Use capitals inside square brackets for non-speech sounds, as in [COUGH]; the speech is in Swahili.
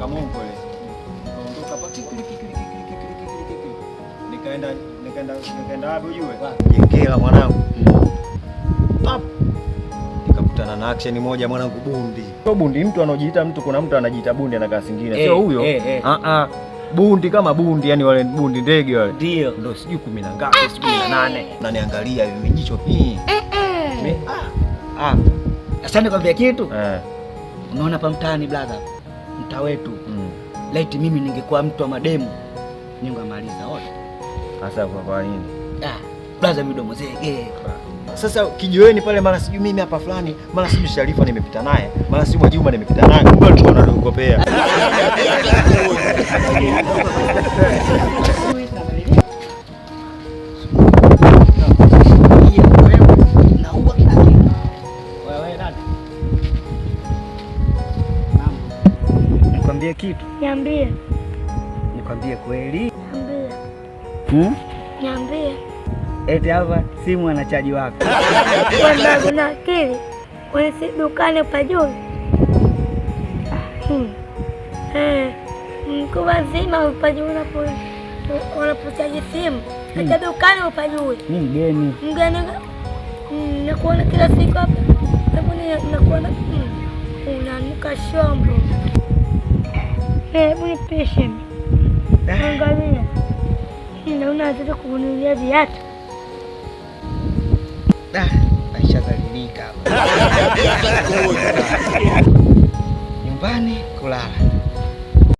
Kamongo ile. Nikaondoka pati kili kili kili kili. Nikaenda nikaenda nikaenda wapi ujue? Ah, Jengela mwanangu. Mm. Pap. Nikakutana na action moja mwanangu bundi. Kwa bundi mtu anaojiita mtu kuna mtu anajiita bundi anakaa singine. Eh, Sio huyo. Eh, eh. Ah ah. Bundi kama bundi, yani wale bundi ndege wale. Ndio. Ndio sijui kumi na ngapi, sijui kumi na nane. Unaniangalia hivi mijicho hii. Eh eh. Ah. Ah. Sasa nikwambia kitu. Eh. Unaona pa mtaani brother mtaa wetu mm. Laiti mimi ningekuwa mtu wa mademu ningamaliza wote. Sasa kwa nini? Ah, blaza midomo zege. Ah. Sasa kijiweni pale mara sijui mimi hapa fulani, mara sijui Sharifa nimepita naye, mara sijui Mwajuma nimepita naye. Kumbe tunaonana ukopea. [LAUGHS] nikwambie kitu? Niambie. Nikwambie kweli? Niambie. Hmm? Niambie. Eti hapa simu anachaji wako [LAUGHS] na akili si dukani pajuu hmm. eh, mkuu wazima upajuu wanapochaji simu acha hmm. dukani upajuu. Ni mgeni mgeni, hmm, nakuona kila siku hapa, nakuona unanuka shombo Hebu nipishe. Angalia. Ina unaanza kunilia viatu. Da, [LAUGHS]